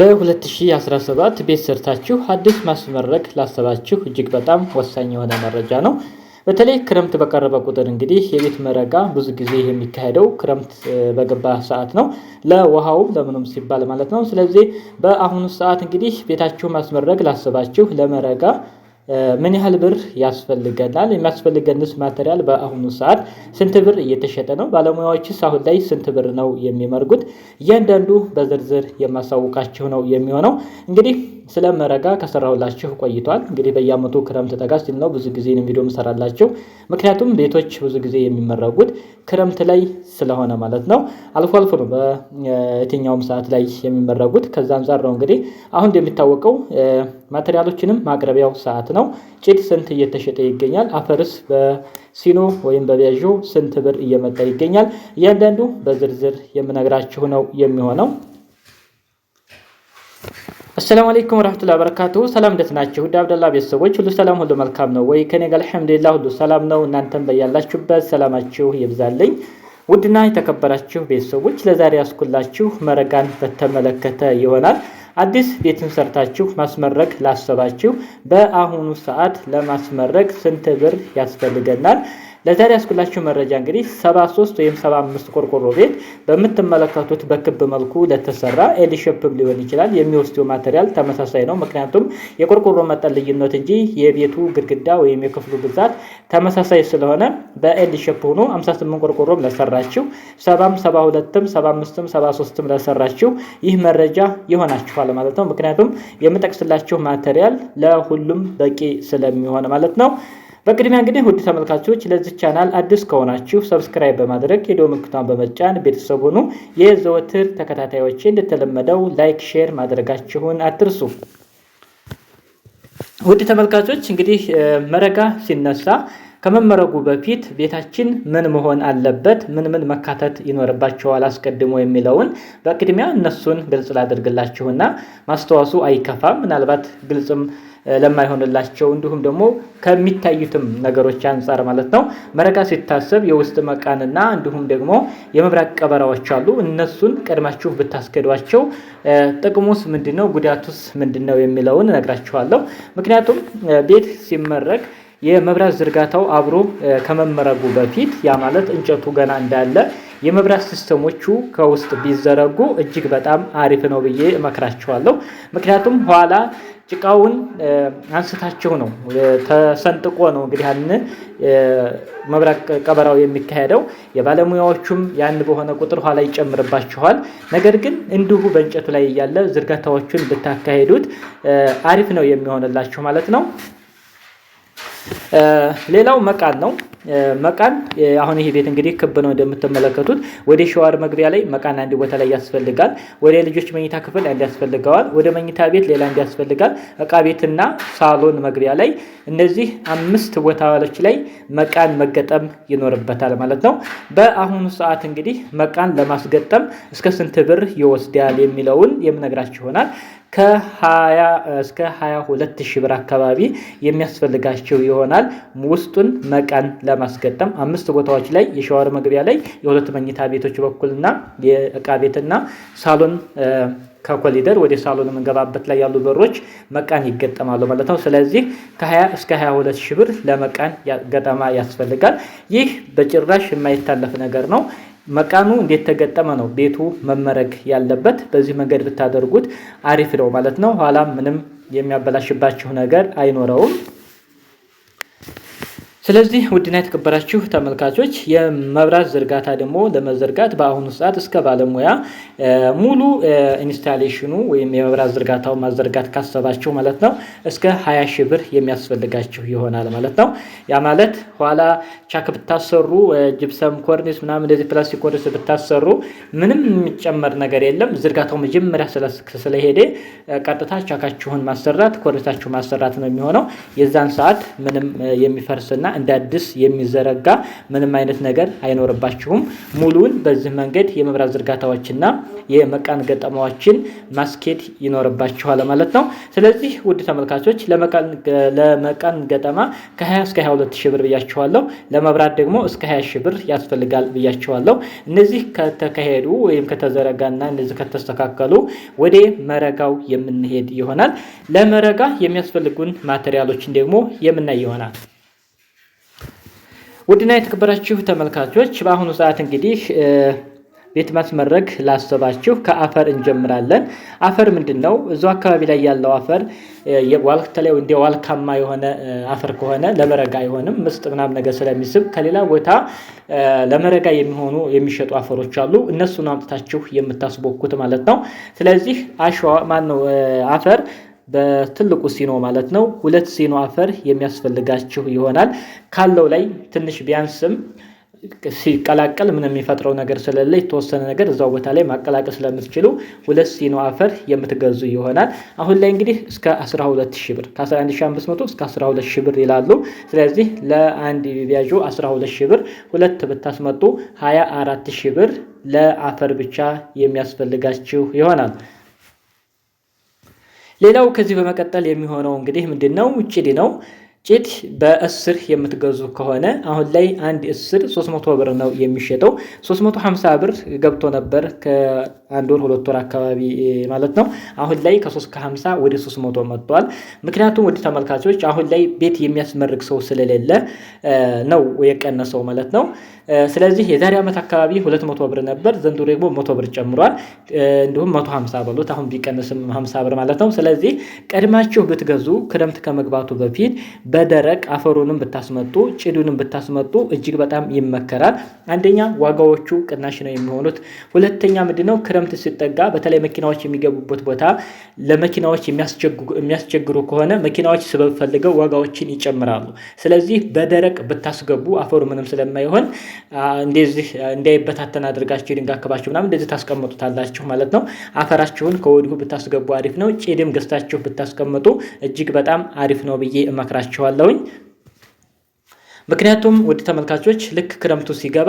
በ2017 ቤት ሰርታችሁ አዲስ ማስመረቅ ላሰባችሁ እጅግ በጣም ወሳኝ የሆነ መረጃ ነው። በተለይ ክረምት በቀረበ ቁጥር እንግዲህ የቤት መረጋ ብዙ ጊዜ የሚካሄደው ክረምት በገባ ሰዓት ነው፣ ለውሃውም ለምኑም ሲባል ማለት ነው። ስለዚህ በአሁኑ ሰዓት እንግዲህ ቤታችሁ ማስመረግ ላሰባችሁ ለመረጋ። ምን ያህል ብር ያስፈልገናል? የሚያስፈልገንስ ማቴሪያል በአሁኑ ሰዓት ስንት ብር እየተሸጠ ነው? ባለሙያዎችስ አሁን ላይ ስንት ብር ነው የሚመርጉት? እያንዳንዱ በዝርዝር የማሳውቃችሁ ነው የሚሆነው እንግዲህ ስለ መረጋ ከሰራሁላችሁ ቆይቷል። እንግዲህ በየአመቱ ክረምት ጠጋ ሲል ነው ብዙ ጊዜ ቪዲዮ ምሰራላችሁ። ምክንያቱም ቤቶች ብዙ ጊዜ የሚመረጉት ክረምት ላይ ስለሆነ ማለት ነው። አልፎ አልፎ ነው በየትኛውም ሰዓት ላይ የሚመረጉት። ከዛ አንጻር ነው እንግዲህ አሁን እንደሚታወቀው ማቴሪያሎችንም ማቅረቢያው ሰዓት ነው። ጭድ ስንት እየተሸጠ ይገኛል? አፈርስ በሲኖ ወይም በቢያዦ ስንት ብር እየመጣ ይገኛል? እያንዳንዱ በዝርዝር የምነግራችሁ ነው የሚሆነው አሰላሙ አለይኩም ወራህመቱላሂ ወበረካቱ። ሰላም እንዴት ናችሁ? ውድ አብደላ ቤተሰቦች ሁሉ ሰላም ሁሉ መልካም ነው ወይ? ከኔ ጋር አልሐምዱሊላህ ሁሉ ሰላም ነው። እናንተም በያላችሁበት ሰላማችሁ ይብዛልኝ። ውድና የተከበራችሁ ቤተሰቦች ለዛሬ ያስኩላችሁ መረጋን በተመለከተ ይሆናል። አዲስ ቤትን ሰርታችሁ ማስመረግ ላሰባችሁ በአሁኑ ሰዓት ለማስመረግ ስንት ብር ያስፈልገናል? ለዛሬ ያስኩላችሁ መረጃ እንግዲህ 73 ወይም 75 ቆርቆሮ ቤት በምትመለከቱት በክብ መልኩ ለተሰራ ኤል ሊሆን ይችላል። የሚወስደው ማቴሪያል ተመሳሳይ ነው። ምክንያቱም የቆርቆሮ መጠን ልዩነት እንጂ የቤቱ ግድግዳ ወይም የክፍሉ ብዛት ተመሳሳይ ስለሆነ በኤል ሆኖ 58 ቆርቆሮም ለሰራችሁ፣ 70ም፣ 72ም፣ 75ም፣ 73ም ለሰራችሁ ይህ መረጃ ይሆናችኋል ማለት ነው። ምክንያቱም የምጠቅስላችሁ ማቴሪያል ለሁሉም በቂ ስለሚሆን ማለት ነው። በቅድሚያ እንግዲህ ውድ ተመልካቾች ለዚህ ቻናል አዲስ ከሆናችሁ ሰብስክራይብ በማድረግ የደወል ምልክቷን በመጫን ቤተሰብ ሆኑ። የዘወትር ተከታታዮች እንደተለመደው ላይክ፣ ሼር ማድረጋችሁን አትርሱ። ውድ ተመልካቾች እንግዲህ መረጋ ሲነሳ ከመመረጉ በፊት ቤታችን ምን መሆን አለበት፣ ምን ምን መካተት ይኖርባቸዋል አስቀድሞ የሚለውን በቅድሚያ እነሱን ግልጽ ላደርግላችሁና ማስታወሱ አይከፋም ምናልባት ግልጽም ለማይሆንላቸው እንዲሁም ደግሞ ከሚታዩትም ነገሮች አንጻር ማለት ነው። መረቃ ሲታሰብ የውስጥ መቃንና እንዲሁም ደግሞ የመብራት ቀበራዎች አሉ። እነሱን ቀድማችሁ ብታስገዷቸው ጥቅሙስ ምንድን ነው? ጉዳቱስ ምንድን ነው? የሚለውን እነግራችኋለሁ። ምክንያቱም ቤት ሲመረቅ የመብራት ዝርጋታው አብሮ ከመመረጉ በፊት ያ ማለት እንጨቱ ገና እንዳለ የመብራት ሲስተሞቹ ከውስጥ ቢዘረጉ እጅግ በጣም አሪፍ ነው ብዬ እመክራችኋለሁ። ምክንያቱም ኋላ ጭቃውን አንስታችሁ ነው ተሰንጥቆ ነው እንግዲህ ያን መብራት ቀበራው የሚካሄደው። የባለሙያዎቹም ያን በሆነ ቁጥር ኋላ ይጨምርባችኋል። ነገር ግን እንዲሁ በእንጨቱ ላይ እያለ ዝርጋታዎቹን ብታካሄዱት አሪፍ ነው የሚሆንላችሁ ማለት ነው። ሌላው መቃን ነው። መቃን አሁን ይሄ ቤት እንግዲህ ክብ ነው እንደምትመለከቱት። ወደ ሸዋር መግቢያ ላይ መቃን አንድ ቦታ ላይ ያስፈልጋል። ወደ ልጆች መኝታ ክፍል አንድ ያስፈልገዋል። ወደ መኝታ ቤት ሌላ አንድ ያስፈልጋል። እቃ ቤትና ሳሎን መግቢያ ላይ እነዚህ አምስት ቦታዎች ላይ መቃን መገጠም ይኖርበታል ማለት ነው። በአሁኑ ሰዓት እንግዲህ መቃን ለማስገጠም እስከ ስንት ብር ይወስዳል የሚለውን የምነግራችሁ ይሆናል። ከ20 እስከ 22 ሺህ ብር አካባቢ የሚያስፈልጋቸው ይሆናል። ውስጡን መቀን ለማስገጠም አምስት ቦታዎች ላይ የሸዋር መግቢያ ላይ የሁለት መኝታ ቤቶች በኩልና የእቃ ቤትና ሳሎን ከኮሊደር ወደ ሳሎን የምንገባበት ላይ ያሉ በሮች መቃን ይገጠማሉ ማለት ነው። ስለዚህ ከ20 እስከ 22 ሺህ ብር ለመቃን ገጠማ ያስፈልጋል። ይህ በጭራሽ የማይታለፍ ነገር ነው። መቃኑ እንዴት ተገጠመ ነው ቤቱ መመረግ ያለበት። በዚህ መንገድ ብታደርጉት አሪፍ ነው ማለት ነው። ኋላ ምንም የሚያበላሽባችሁ ነገር አይኖረውም። ስለዚህ ውድና የተከበራችሁ ተመልካቾች የመብራት ዝርጋታ ደግሞ ለመዘርጋት በአሁኑ ሰዓት እስከ ባለሙያ ሙሉ ኢንስታሌሽኑ ወይም የመብራት ዝርጋታው ማዘርጋት ካሰባችሁ ማለት ነው እስከ 20 ሺህ ብር የሚያስፈልጋችሁ ይሆናል ማለት ነው። ያ ማለት ኋላ ቻክ ብታሰሩ፣ ጅብሰም ኮርኒስ ምናምን እንደዚህ ፕላስቲክ ኮርኒስ ብታሰሩ ምንም የሚጨመር ነገር የለም። ዝርጋታው መጀመሪያ ስለሄደ ቀጥታ ቻካችሁን ማሰራት ኮርኒሳችሁ ማሰራት ነው የሚሆነው። የዛን ሰዓት ምንም የሚፈርስና እንደ አዲስ የሚዘረጋ ምንም አይነት ነገር አይኖርባችሁም። ሙሉውን በዚህ መንገድ የመብራት ዝርጋታዎችና የመቃን ገጠማዎችን ማስኬድ ይኖርባችኋል ማለት ነው። ስለዚህ ውድ ተመልካቾች ለመቃን ገጠማ ከ20 እስከ 22 ሺህ ብር ብያችኋለሁ። ለመብራት ደግሞ እስከ 20 ሺህ ብር ያስፈልጋል ብያችኋለሁ። እነዚህ ከተካሄዱ ወይም ከተዘረጋና እነዚህ ከተስተካከሉ ወደ መረጋው የምንሄድ ይሆናል። ለመረጋ የሚያስፈልጉን ማቴሪያሎችን ደግሞ የምናይ ይሆናል። ውድና የተከበራችሁ ተመልካቾች በአሁኑ ሰዓት እንግዲህ ቤት ማስመረግ ላሰባችሁ ከአፈር እንጀምራለን። አፈር ምንድን ነው? እዚሁ አካባቢ ላይ ያለው አፈር ተለይ እንደ ዋልካማ የሆነ አፈር ከሆነ ለመረጋ አይሆንም። ምስጥ ምናምን ነገር ስለሚስብ ከሌላ ቦታ ለመረጋ የሚሆኑ የሚሸጡ አፈሮች አሉ። እነሱን አምጥታችሁ የምታስቦኩት ማለት ነው። ስለዚህ አሸዋ ማነው አፈር በትልቁ ሲኖ ማለት ነው። ሁለት ሲኖ አፈር የሚያስፈልጋችሁ ይሆናል። ካለው ላይ ትንሽ ቢያንስም ሲቀላቀል ምን የሚፈጥረው ነገር ስለሌለ የተወሰነ ነገር እዛው ቦታ ላይ ማቀላቀል ስለምትችሉ ሁለት ሲኖ አፈር የምትገዙ ይሆናል። አሁን ላይ እንግዲህ እስከ 12 ሺህ ብር ከ11500 እስከ 12 ሺ ብር ይላሉ። ስለዚህ ለአንድ ቢቢያዡ 12 ሺህ ብር ሁለት ብታስመጡ 24 ሺ ብር ለአፈር ብቻ የሚያስፈልጋችሁ ይሆናል። ሌላው ከዚህ በመቀጠል የሚሆነው እንግዲህ ምንድን ነው? ጭድ ነው። ጭድ በእስር የምትገዙ ከሆነ አሁን ላይ አንድ እስር 300 ብር ነው የሚሸጠው። 350 ብር ገብቶ ነበር አንድ ወር ሁለት ወር አካባቢ ማለት ነው። አሁን ላይ ከሶስት ከሀምሳ ወደ ሶስት መቶ መጥተዋል። ምክንያቱም ወደ ተመልካቾች አሁን ላይ ቤት የሚያስመርቅ ሰው ስለሌለ ነው የቀነሰው ማለት ነው። ስለዚህ የዛሬ ዓመት አካባቢ ሁለት መቶ ብር ነበር። ዘንድሮ ደግሞ መቶ ብር ጨምሯል። እንዲሁም መቶ ሀምሳ በሉት አሁን ቢቀንስም ሀምሳ ብር ማለት ነው። ስለዚህ ቀድማችሁ ብትገዙ ክረምት ከመግባቱ በፊት በደረቅ አፈሩንም ብታስመጡ ጭዱንም ብታስመጡ እጅግ በጣም ይመከራል። አንደኛ ዋጋዎቹ ቅናሽ ነው የሚሆኑት። ሁለተኛ ምንድነው ክረምት ክረምት ሲጠጋ በተለይ መኪናዎች የሚገቡበት ቦታ ለመኪናዎች የሚያስቸግሩ ከሆነ መኪናዎች ስበብ ፈልገው ዋጋዎችን ይጨምራሉ። ስለዚህ በደረቅ ብታስገቡ አፈሩ ምንም ስለማይሆን እንደዚህ እንዳይበታተን አድርጋችሁ ድንጋክባችሁ ምናምን እንደዚህ ታስቀምጡታላችሁ ማለት ነው። አፈራችሁን ከወዲሁ ብታስገቡ አሪፍ ነው። ጭድም ገዝታችሁ ብታስቀምጡ እጅግ በጣም አሪፍ ነው ብዬ እመክራችኋለሁኝ። ምክንያቱም ውድ ተመልካቾች ልክ ክረምቱ ሲገባ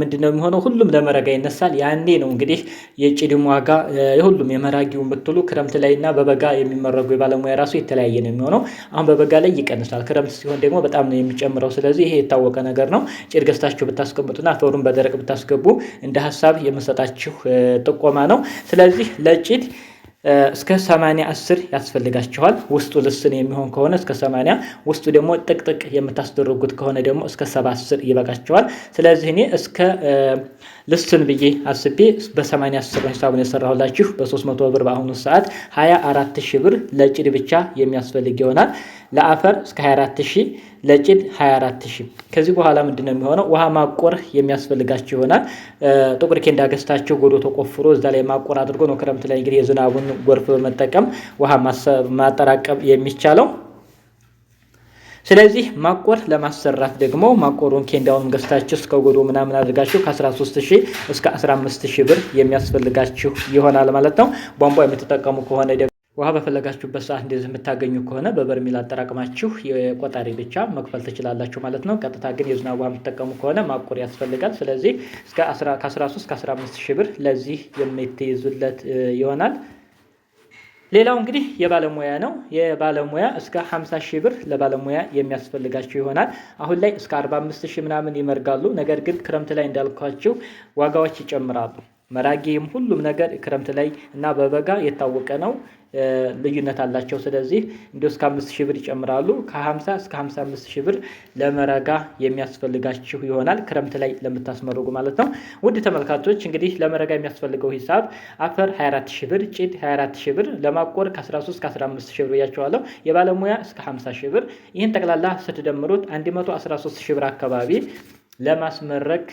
ምንድነው የሚሆነው? ሁሉም ለመረጋ ይነሳል። ያኔ ነው እንግዲህ የጭድም ዋጋ የሁሉም የመራጊው ብትሉ ክረምት ላይ እና በበጋ የሚመረጉ የባለሙያ ራሱ የተለያየ ነው የሚሆነው። አሁን በበጋ ላይ ይቀንሳል፣ ክረምት ሲሆን ደግሞ በጣም ነው የሚጨምረው። ስለዚህ ይሄ የታወቀ ነገር ነው። ጭድ ገዝታችሁ ብታስቀምጡና አፈሩን በደረቅ ብታስገቡ እንደ ሀሳብ የምሰጣችሁ ጥቆማ ነው። ስለዚህ ለጭድ እስከ 80 አስር ያስፈልጋችኋል። ውስጡ ልስን የሚሆን ከሆነ እስከ 80፣ ውስጡ ደግሞ ጥቅጥቅ የምታስደርጉት ከሆነ ደግሞ እስከ 70 አስር ይበቃችኋል። ስለዚህ እኔ እስከ ልስን ብዬ አስቤ በ80 አስር ነው ሂሳቡን የሰራሁላችሁ። በ300 ብር በአሁኑ ሰዓት 24000 ብር ለጭድ ብቻ የሚያስፈልግ ይሆናል። ለአፈር እስከ 24000 ለጭድ 24000 ከዚህ በኋላ ምንድነው የሚሆነው? ውሃ ማቆር የሚያስፈልጋቸው ይሆናል። ጥቁር ኬንዳ ገዝታቸው ጎዶ ተቆፍሮ እዛ ላይ ማቆር አድርጎ ነው ክረምት ላይ እንግዲህ የዝናቡን ጎርፍ በመጠቀም ውሃ ማጠራቀም የሚቻለው። ስለዚህ ማቆር ለማሰራት ደግሞ ማቆሩን ኬንዳውን ገዝታችሁ እስከ ጎዶ ምናምን አድርጋችሁ ከ13000 እስከ 15000 ብር የሚያስፈልጋችሁ ይሆናል ማለት ነው። ቧንቧ የምትጠቀሙ ከሆነ ውሃ በፈለጋችሁበት ሰዓት እንደዚህ የምታገኙ ከሆነ በበርሚል አጠራቅማችሁ የቆጣሪ ብቻ መክፈል ትችላላችሁ ማለት ነው። ቀጥታ ግን የዝናብ ውሃ የምትጠቀሙ ከሆነ ማቆር ያስፈልጋል። ስለዚህ ከ13 15 ሺህ ብር ለዚህ የምትይዙለት ይሆናል። ሌላው እንግዲህ የባለሙያ ነው። የባለሙያ እስከ 50 ሺህ ብር ለባለሙያ የሚያስፈልጋቸው ይሆናል። አሁን ላይ እስከ 45 ሺህ ምናምን ይመርጋሉ። ነገር ግን ክረምት ላይ እንዳልኳቸው ዋጋዎች ይጨምራሉ። መራጌም ሁሉም ነገር ክረምት ላይ እና በበጋ የታወቀ ነው። ልዩነት አላቸው። ስለዚህ እንዲሁ እስከ አምስት ሺህ ብር ይጨምራሉ። ከ50 እስከ 55 ሽብር ሺህ ብር ለመረጋ የሚያስፈልጋችሁ ይሆናል ክረምት ላይ ለምታስመርጉ ማለት ነው። ውድ ተመልካቾች እንግዲህ ለመረጋ የሚያስፈልገው ሂሳብ አፈር 24 ሺህ ብር፣ ጭድ 24 ሺህ ብር፣ ለማቆር ከ13 እስከ 15 ሺህ ብር ብያቸዋለሁ። የባለሙያ እስከ 50 ሺህ ብር። ይህን ጠቅላላ ስትደምሩት 113 ሺህ ብር አካባቢ ለማስመረግ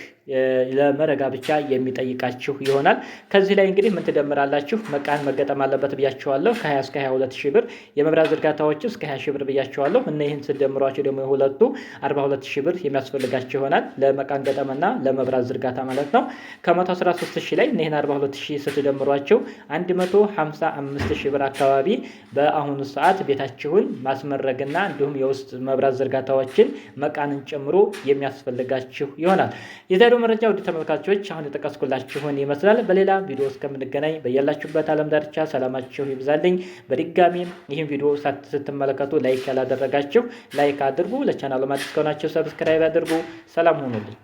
ለመረጋብቻ የሚጠይቃችሁ ይሆናል። ከዚህ ላይ እንግዲህ ምን ትደምራላችሁ? መቃን መገጠም አለበት ብያችኋለሁ። ከ20 እስከ 22 ሺህ ብር የመብራት ዝርጋታዎች እስከ 20 ሺህ ብር ብያችኋለሁ። እና ይህን ስደምሯቸው ደግሞ የሁለቱ 42 ሺህ ብር የሚያስፈልጋቸው ይሆናል። ለመቃን ገጠምና ለመብራት ዝርጋታ ማለት ነው። ከ113 ሺህ ላይ ይህን 42 ሺህ ስትደምሯቸው 155 ሺህ ብር አካባቢ በአሁኑ ሰዓት ቤታችሁን ማስመረግና እንዲሁም የውስጥ መብራት ዝርጋታዎችን መቃንን ጨምሮ የሚያስፈልጋችሁ ይሆናል። የዛሬው መረጃ ውድ ተመልካቾች አሁን የጠቀስኩላችሁን ይመስላል። በሌላ ቪዲዮ እስከምንገናኝ በያላችሁበት ዓለም ዳርቻ ሰላማችሁ ይብዛልኝ። በድጋሚም ይህን ቪዲዮ ስትመለከቱ ላይክ ያላደረጋችሁ ላይክ አድርጉ። ለቻናሉ አዲስ ከሆናችሁ ሰብስክራይብ አድርጉ። ሰላም ሁኑልኝ።